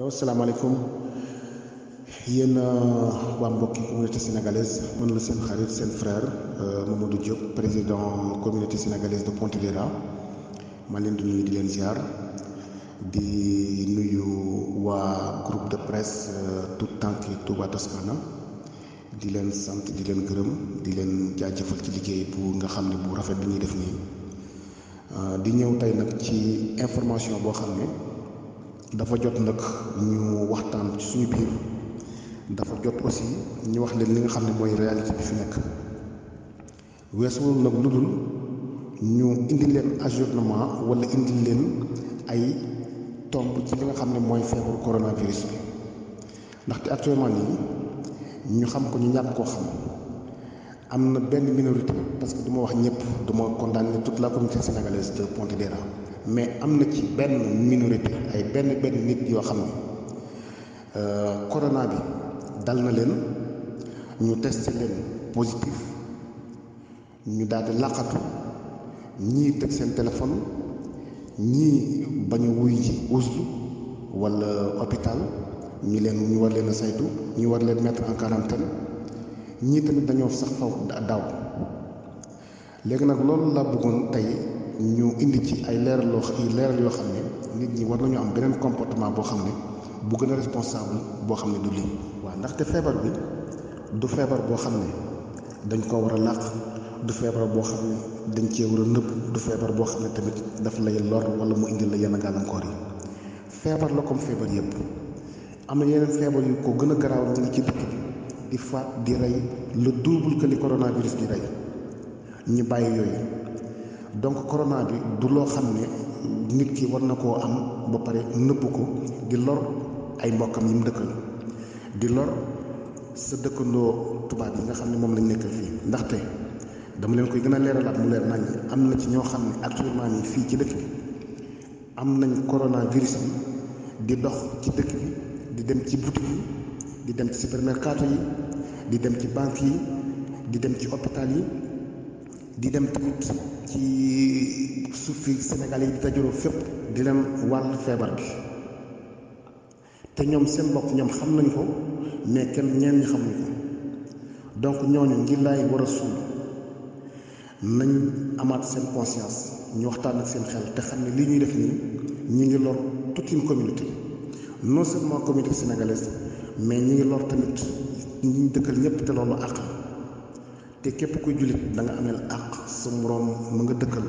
allo salaamaaleykum yéen euh, waa mbokki communauté sénégalaise mën la seen xarit seen frère euh, Mamadou Diop président communauté sénégalaise de Pontedera ma leen di nuyu di leen ziar di nuyu waa groupe de presse euh, tout tànki Touba Toscana di leen sant di leen gërëm di leen jaajëfal ci liggéey bu nga xam ne bu rafet bi ñuy def nii di ñëw tey nag ci information boo xam ne. dafa jot nag ñu waxtaan ci suñu biir dafa jot aussi ñu wax leen li nga xam ne mooy réalité bi fi nekk weesuwul nag lu dul ñu indi leen ajournement wala indi leen ay tomb ci li nga xam ne mooy feebaru coronavirus bi ndaxte actuellement nii ñu xam ko ñu ñàkk koo xam am na benn minorité parce que du ma wax ñëpp du ma condamner toute la communauté sénégalaise de pont Pontedera mais am na ci benn minorité ay benn benn nit yoo xam ne euh, corona bi dal na leen ñu testé leen positif ñu daal di làqatu ñii teg seen téléphone ñii bañ a wuy ji uslu walla hôpital ñu leen ñu war leen saytu ñu war leen mettre en quarantaine ñii tamit dañoo sax faw daaw léegi nag loolu laa bëggoon tey ñu indi ci ay leeral loo leeral yoo xam ne nit ñi war nañu am beneen comportement boo xam ne bu gën a responsable boo xam ne du lii waaw ndaxte feebar bi du feebar boo xam ne dañ ko war a làq du feebar boo xam ne dañ cee war a nëbb du feebar boo xam ne tamit daf lay lor wala mu indil la yenn gàllankoor yi feebar la comme feebar yëpp am na yeneen feebar yu ko gën a garaaw ngi ci dëkk bi di faat di rey le double que li di rey ñu bàyyi yooyu donc corona bi du loo xam ne nit ki war na koo am ba pare nëbb ko di lor ay mbokkam yi mu dëkkal di lor sa dëkkandoo tubaab yi nga xam ne moom lañ nekkal fii ndaxte dama leen koy gën a leeralaat mu leer nañ am na ci ñoo xam ne actuellement nii fii ci dëkk bi am nañ coronavirus bi di dox ci dëkk bi di dem ci boutique yi di dem ci supermercato yi di dem ci banque yi di dem ci hôpital yi di dem tamit ci suuf fi Sénégal yi di dajaloo fépp di leen wàll feebar bi te ñoom seen bopp ñoom xam nañ ko mais kenn ñeen ñi xamuñ ko donc ñooñu ngir laay war a suul nañ amaat seen conscience ñu waxtaan ak seen xel te xam ne li ñuy def nii ñi ngi lor toute une communauté non seulement communauté sénégalaise mais ñi ngi lor tamit ñi ñu dëkkal ñëpp te loolu àq te képp kuy jullit danga amee ameel àq sa moroom mu nga dëkkal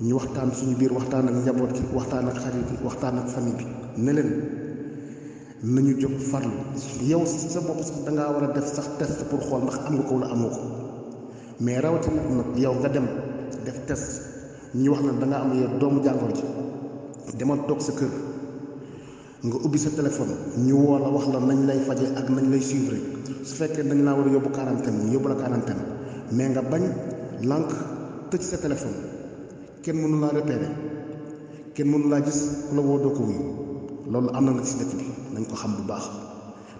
ñu waxtaan suñu biir waxtaan ak njaboot gi waxtaan ak xarit bi waxtaan ak famille bi ne leen nañu jóg farlu yow sa bopp sax da war a def sax test pour xool ndax am nga ko wala amoo ko mais rawatina nag yow nga dem def tes ñu wax na da ngaa am yow doomu jàngoro ji demal toog sa kër nga ubbi sa téléphone ñu woo la wax la nañ lay faje ak nañ lay suivre su fekkee dañ laa war a yóbbu quarantaine yóbbu la quarantaine mais nga bañ lànq tëj sa téléphone. kenn mënu laa repérer kenn mënu laa gis ku la woo doo ko wuyu loolu am na nag si dëkk bi nañ ko xam bu baax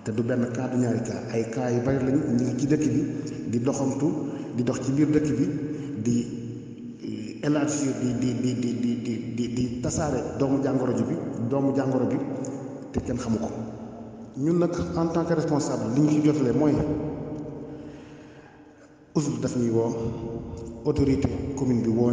te du benn cas du ñaari cas ay cas yu bari lañ ñu ngi ci dëkk bi di doxantu di dox ci biir dëkk bi di eh, élargir di di di tasaare doomu jàngoro ji bi doomu jàngoro bi te kenn xamu ko ñun nag en tant que responsable li ñu ci jotalee mooy usul daf ñuy woo autorité commune bi woo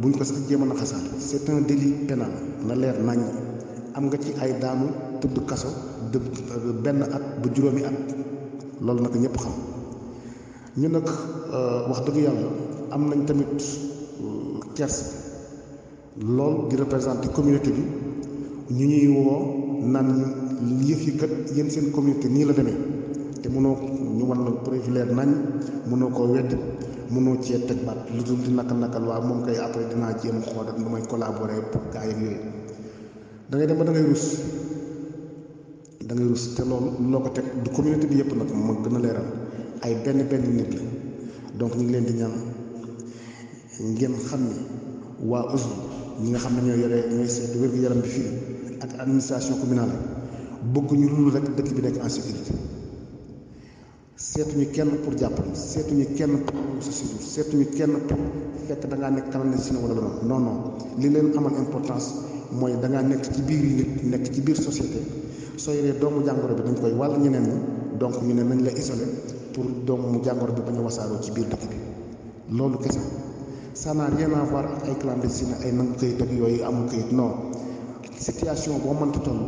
buñ ko sax jéem a deli c' est un délit pénal na leer nañ am nga ci ay daamu tudd kaso de euh, benn at bu juróomi at loolu nag ñëpp xam ñu nag euh, wax dëgg yàlla am nañ tamit euh, kers lool di représenter communauté bi ñu ñuy woo naan yëf yi kat yéen seen communauté nii la demee te mënoo ñu wan la leer nañ mënoo koo wedd mënoo cee teg baat lu dul di naka nakal waa moom kay après dinaa jéem xool ak nu may collaborer pour gaa yeeg yooyu da ngay dem ba da ngay rus da ngay rus te loolu loo ko teg du communauté bi yëpp nag ma gën a leeral ay benn benn nit la donc ñu ngi leen di ñaan ngeen xam ni waa usb ñi nga xam ne ñoo yore ñooy seet wér-gu-yaram bi fii ak administration communale bëgg ñu lul rek dëkk bi nekk en sécurité seetuñu kenn pour jàppale seetuñu kenn pour sa séjour seetuñu kenn pour fekk da ngaa nekk kanam ne si ne wala dama non non li leen amoon importance mooy da ngaa nekk ci biir yi nit nekk ci biir société soo yoree doomu jàngoro bi dañ koy wàll ñeneen ñi donc ñu ne nañ la isolé pour doomu jàngoro bi bañ a wasaaroo ci biir dëkk bi loolu kese ça n'a rien à voir ak ay clandestine ay nangu këyit ak yooyu amul këyit non situation boo mënti toll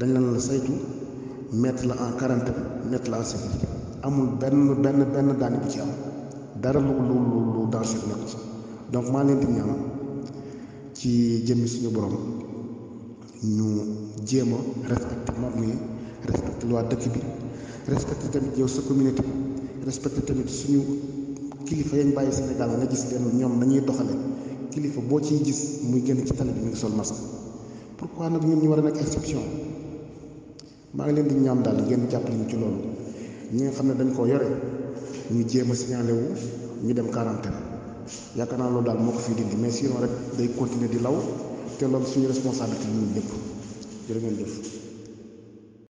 dañ la saytu. mettre la en quarantaine mettre la en sécurité amul benn benn benn daan bi ci am dara lu lu lu danger nekk ci donc maa leen di suñu borom ñu jéem a respecté moom tamit yow sa communauté respecté tamit ñoom nañuy doxale kilifa boo ci gis muy génn ci tali bi mu ngi sol masque pourquoi nag ñu war a nekk exception. maa ngi leen di ñaam daal ngeen jàppale ñu ci loolu ñi nga xam ne dañ koo yore ñu jéem a signalé ñu dem quarantaine yaakaar naa loolu daal moo ko fi dindi mais sinon rek day continuer di law te loolu suñu responsabilité ñun ñëpp jërë ngeen jëf